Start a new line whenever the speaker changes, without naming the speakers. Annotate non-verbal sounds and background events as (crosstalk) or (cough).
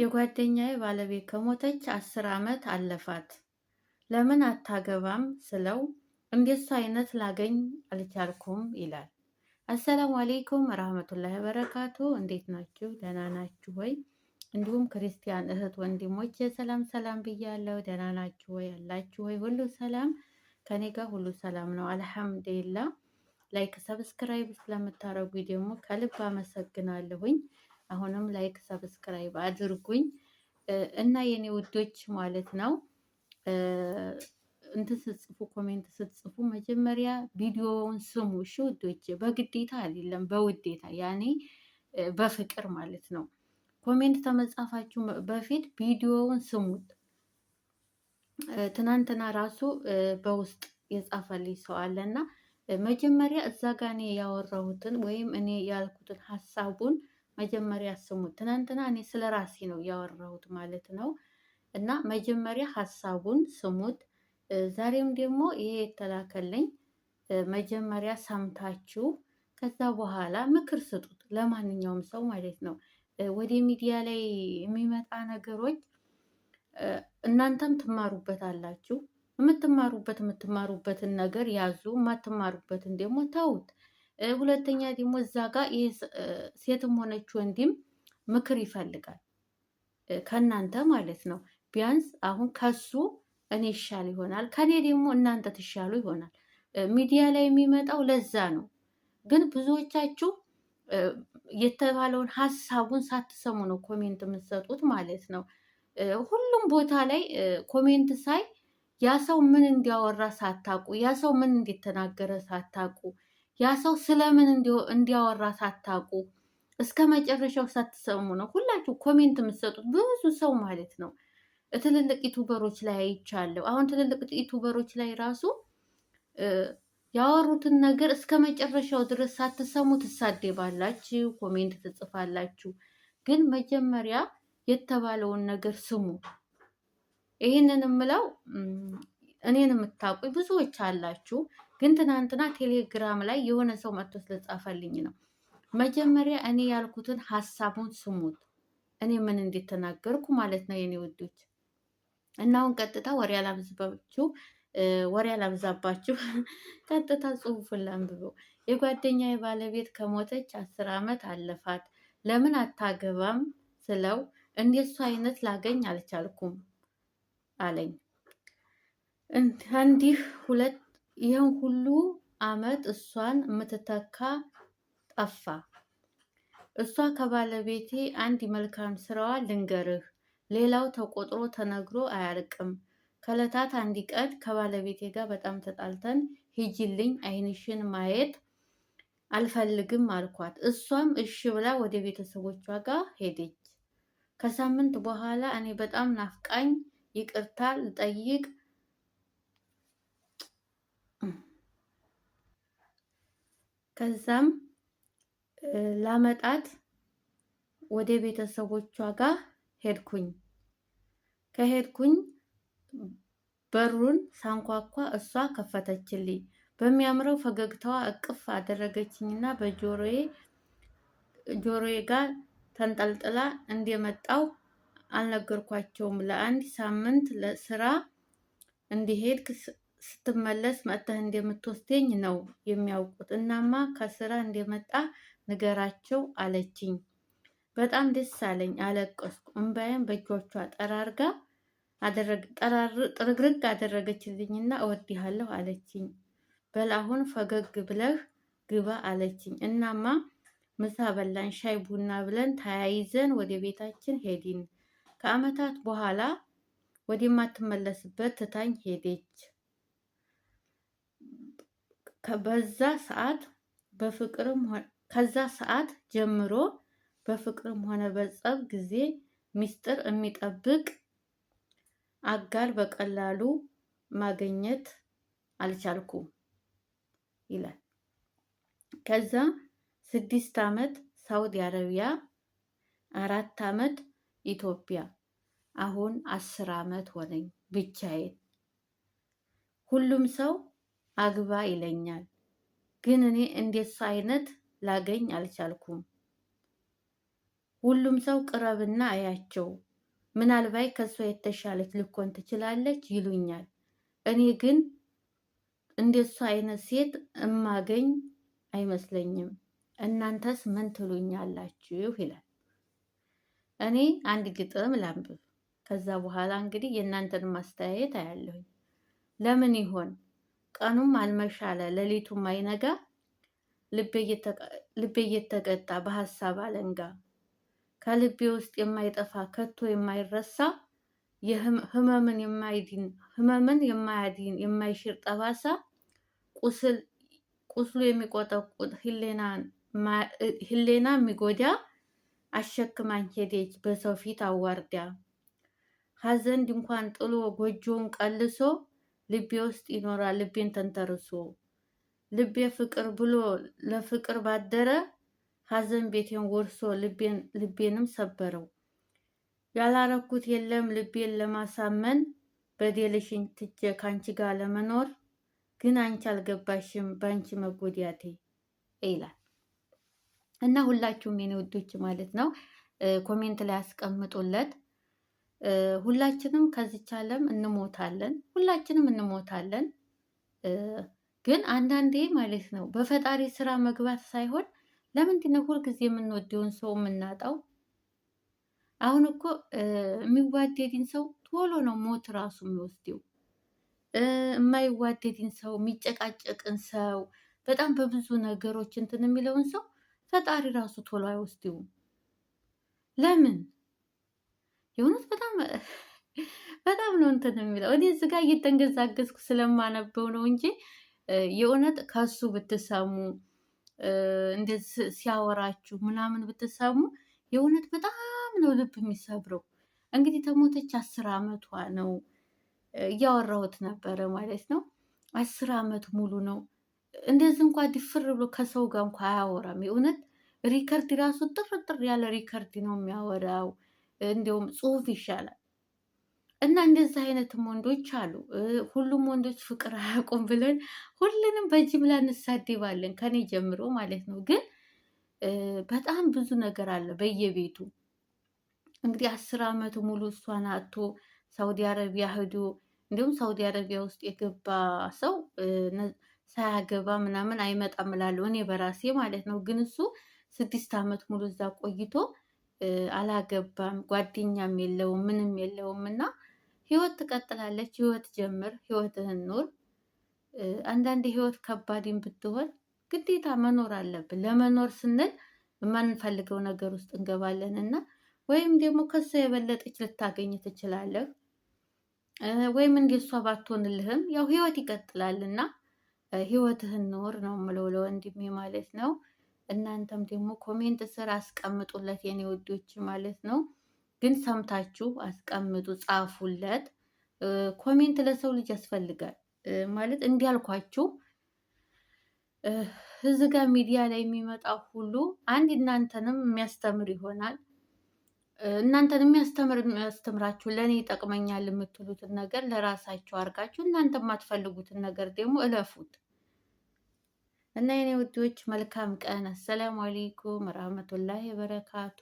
የጓደኛዬ ባለቤት ከሞተች አስር ዓመት አለፋት። ለምን አታገባም ስለው እንደሱ አይነት ላገኝ አልቻልኩም ይላል። አሰላሙ አሌይኩም ረህመቱላሂ በረካቱ። እንዴት ናችሁ? ደህና ናችሁ ወይ? እንዲሁም ክርስቲያን እህት ወንድሞች ሰላም ሰላም ብያለሁ። ደህና ናችሁ ወይ? ያላችሁ ወይ? ሁሉ ሰላም ከኔ ጋር ሁሉ ሰላም ነው አልሐምዱሊላ። ላይክ ሰብስክራይብ ስለምታደርጉ ደግሞ ከልብ አመሰግናለሁኝ። አሁንም ላይክ ሰብስክራይብ አድርጉኝ እና የኔ ውዶች ማለት ነው። እንትን ስትጽፉ ኮሜንት ስትጽፉ መጀመሪያ ቪዲዮውን ስሙ። እሺ ውዶች፣ በግዴታ አይደለም በውዴታ ያኔ በፍቅር ማለት ነው። ኮሜንት ከመጻፋችሁ በፊት ቪዲዮውን ስሙት። ትናንትና ራሱ በውስጥ የጻፈልኝ ሰው አለና መጀመሪያ እዛ ጋ እኔ ያወራሁትን ወይም እኔ ያልኩትን ሀሳቡን መጀመሪያ ስሙት። ትናንትና እኔ ስለ ራሴ ነው ያወራሁት ማለት ነው እና መጀመሪያ ሀሳቡን ስሙት። ዛሬም ደግሞ ይሄ የተላከልኝ መጀመሪያ ሰምታችሁ ከዛ በኋላ ምክር ስጡት፣ ለማንኛውም ሰው ማለት ነው። ወደ ሚዲያ ላይ የሚመጣ ነገሮች እናንተም ትማሩበት አላችሁ። የምትማሩበት የምትማሩበትን ነገር ያዙ፣ የማትማሩበትን ደግሞ ተውት። ሁለተኛ ደግሞ እዛ ጋር ሴትም ሆነች ወንድም ምክር ይፈልጋል ከእናንተ ማለት ነው። ቢያንስ አሁን ከሱ እኔ ይሻል ይሆናል፣ ከኔ ደግሞ እናንተ ትሻሉ ይሆናል። ሚዲያ ላይ የሚመጣው ለዛ ነው። ግን ብዙዎቻችሁ የተባለውን ሀሳቡን ሳትሰሙ ነው ኮሜንት የምትሰጡት ማለት ነው። ሁሉም ቦታ ላይ ኮሜንት ሳይ ያ ሰው ምን እንዲያወራ ሳታቁ፣ ያ ሰው ምን እንዲተናገረ ሳታቁ ያ ሰው ስለምን እንዲያወራ ሳታውቁ እስከ መጨረሻው ሳትሰሙ ነው ሁላችሁ ኮሜንት የምትሰጡት። ብዙ ሰው ማለት ነው ትልልቅ ዩቱበሮች ላይ አይቻለሁ። አሁን ትልልቅ ዩቱበሮች ላይ ራሱ ያወሩትን ነገር እስከ መጨረሻው ድረስ ሳትሰሙ ትሳደባላችሁ፣ ኮሜንት ትጽፋላችሁ። ግን መጀመሪያ የተባለውን ነገር ስሙ። ይህንን የምለው እኔን የምታውቁኝ ብዙዎች አላችሁ። ግን ትናንትና ቴሌግራም ላይ የሆነ ሰው መጥቶ ስለጻፈልኝ ነው። መጀመሪያ እኔ ያልኩትን ሀሳቡን ስሙት፣ እኔ ምን ተናገርኩ ማለት ነው የኔ ውዶች። እና አሁን ቀጥታ ወሬ አላብዛባችሁ ወሬ አላብዛባችሁ፣ (laughs) ቀጥታ ጽሁፉን ላንብበው። የጓደኛ የባለቤት ከሞተች አስር ዓመት አለፋት። ለምን አታገባም ስለው እንደሱ አይነት ላገኝ አልቻልኩም አለኝ። እንዲህ ሁለት ይህን ሁሉ አመት እሷን የምትተካ ጠፋ። እሷ ከባለቤቴ አንድ መልካም ስራዋ ልንገርህ፣ ሌላው ተቆጥሮ ተነግሮ አያልቅም። ከለታት አንድ ቀን ከባለቤቴ ጋር በጣም ተጣልተን ሂጂልኝ፣ አይንሽን ማየት አልፈልግም አልኳት። እሷም እሺ ብላ ወደ ቤተሰቦቿ ጋር ሄደች። ከሳምንት በኋላ እኔ በጣም ናፍቃኝ ይቅርታ ልጠይቅ ከዛም ላመጣት ወደ ቤተሰቦቿ ጋር ሄድኩኝ። ከሄድኩኝ በሩን ሳንኳኳ እሷ ከፈተችልኝ። በሚያምረው ፈገግታዋ እቅፍ አደረገችኝና በጆሮዬ ጆሮዬ ጋር ተንጠልጥላ እንደመጣው አልነገርኳቸውም። ለአንድ ሳምንት ለስራ እንዲሄድ ስትመለስ መጥተህ እንደምትወስደኝ ነው የሚያውቁት። እናማ ከስራ እንደመጣ ንገራቸው አለችኝ። በጣም ደስ አለኝ። አለቀስኩ። እምባዬን በእጆቿ ጠራርጋ ጥርግርግ አደረገችልኝና እወድሃለሁ አለችኝ። በል አሁን ፈገግ ብለህ ግባ አለችኝ። እናማ ምሳ በላን፣ ሻይ ቡና ብለን ተያይዘን ወደ ቤታችን ሄድን። ከአመታት በኋላ ወደማትመለስበት ትታኝ ሄደች። ሰዓት በፍቅርም ከዛ ሰዓት ጀምሮ በፍቅርም ሆነ በጸብ ጊዜ ሚስጥር የሚጠብቅ አጋር በቀላሉ ማግኘት አልቻልኩም ይላል። ከዛ ስድስት ዓመት ሳውዲ አረቢያ፣ አራት ዓመት ኢትዮጵያ፣ አሁን አስር ዓመት ሆነኝ ብቻዬን። ሁሉም ሰው አግባ ይለኛል። ግን እኔ እንዴት አይነት ላገኝ አልቻልኩም። ሁሉም ሰው ቅረብና አያቸው ምናልባት ከእሷ የተሻለች ልኮን ትችላለች ይሉኛል። እኔ ግን እንደሷ አይነት ሴት እማገኝ አይመስለኝም። እናንተስ ምን ትሉኛላችሁ? ይላል። እኔ አንድ ግጥም ላንብብ፣ ከዛ በኋላ እንግዲህ የእናንተን ማስተያየት አያለሁኝ። ለምን ይሆን ቀኑም አልመሻለ ሌሊቱም አይነጋ፣ ልቤ እየተቀጣ በሀሳብ አለንጋ ከልቤ ውስጥ የማይጠፋ ከቶ የማይረሳ የህመምን የማይድን ህመምን የማያድን የማይሽር ጠባሳ ቁስሉ የሚቆጠቁጥ ህሌና የሚጎዳ አሸክማኝ ሄደች በሰው ፊት አዋርዳ ሀዘን ድንኳን ጥሎ ጎጆውን ቀልሶ ልቤ ውስጥ ይኖራል ልቤን ተንተርሶ ልቤ ፍቅር ብሎ ለፍቅር ባደረ ሐዘን ቤቴን ወርሶ ልቤንም ሰበረው። ያላረኩት የለም ልቤን ለማሳመን በደልሽን ትቼ ከአንቺ ጋር ለመኖር ግን አንቺ አልገባሽም በአንቺ መጎዳቴ ይላል እና ሁላችሁም የኔ ውዶች ማለት ነው ኮሜንት ላይ አስቀምጡለት። ሁላችንም ከዚች ዓለም እንሞታለን፣ ሁላችንም እንሞታለን። ግን አንዳንዴ ማለት ነው በፈጣሪ ስራ መግባት ሳይሆን ለምንድን ነው ሁልጊዜ የምንወደውን ሰው የምናጣው? አሁን እኮ የሚዋደድን ሰው ቶሎ ነው ሞት ራሱ የሚወስደው። የማይዋደድን ሰው የሚጨቃጨቅን ሰው በጣም በብዙ ነገሮች እንትን የሚለውን ሰው ፈጣሪ ራሱ ቶሎ አይወስደውም። ለምን የእውነት በጣም በጣም ነው እንትን የሚለው እኔ እዚህ ጋር እየተንገዛገዝኩ ስለማነበው ነው እንጂ የእውነት ከሱ ብትሰሙ እንደዚህ ሲያወራችሁ ምናምን ብትሰሙ የእውነት በጣም ነው ልብ የሚሰብረው። እንግዲህ ተሞተች አስር አመቷ ነው እያወራሁት ነበረ ማለት ነው። አስር አመት ሙሉ ነው እንደዚህ እንኳ ድፍር ብሎ ከሰው ጋር እንኳ አያወራም። የእውነት ሪከርድ ራሱ ጥርጥር ያለ ሪከርድ ነው የሚያወራው። እንዲሁም ጽሁፍ ይሻላል እና እንደዚህ አይነትም ወንዶች አሉ። ሁሉም ወንዶች ፍቅር አያውቁም ብለን ሁሉንም በጅምላ እንሳደባለን፣ ከኔ ጀምሮ ማለት ነው። ግን በጣም ብዙ ነገር አለ በየቤቱ እንግዲህ አስር አመት ሙሉ እሷን አቶ ሳውዲ አረቢያ ሂዶ እንዲሁም ሳውዲ አረቢያ ውስጥ የገባ ሰው ሳያገባ ምናምን አይመጣም እላለሁ እኔ በራሴ ማለት ነው። ግን እሱ ስድስት አመት ሙሉ እዛ ቆይቶ አላገባም፣ ጓደኛም የለውም፣ ምንም የለውም እና ህይወት ትቀጥላለች። ህይወት ጀምር፣ ህይወትህን ኑር። አንዳንድ ህይወት ከባድም ብትሆን ግዴታ መኖር አለብን። ለመኖር ስንል የማንፈልገው ነገር ውስጥ እንገባለን እና ወይም ደግሞ ከሷ የበለጠች ልታገኝ ትችላለህ፣ ወይም እንደሷ ባትሆንልህም ያው ህይወት እና ህይወትህን ኖር ነው የምለው ለወንድሜ ማለት ነው። እናንተም ደግሞ ኮሜንት ስር አስቀምጡለት የኔ ወዶች ማለት ነው። ግን ሰምታችሁ አስቀምጡ፣ ጻፉለት። ኮሜንት ለሰው ልጅ ያስፈልጋል ማለት እንዲያልኳችሁ እዚህ ጋር ሚዲያ ላይ የሚመጣ ሁሉ አንድ እናንተንም የሚያስተምር ይሆናል። እናንተን የሚያስተምር የሚያስተምራችሁ ለእኔ ይጠቅመኛል የምትሉትን ነገር ለራሳችሁ አድርጋችሁ እናንተ የማትፈልጉትን ነገር ደግሞ እለፉት። እና የኔ ውዶች መልካም ቀን። አሰላሙ አሌይኩም ረህመቱላሂ በረካቱ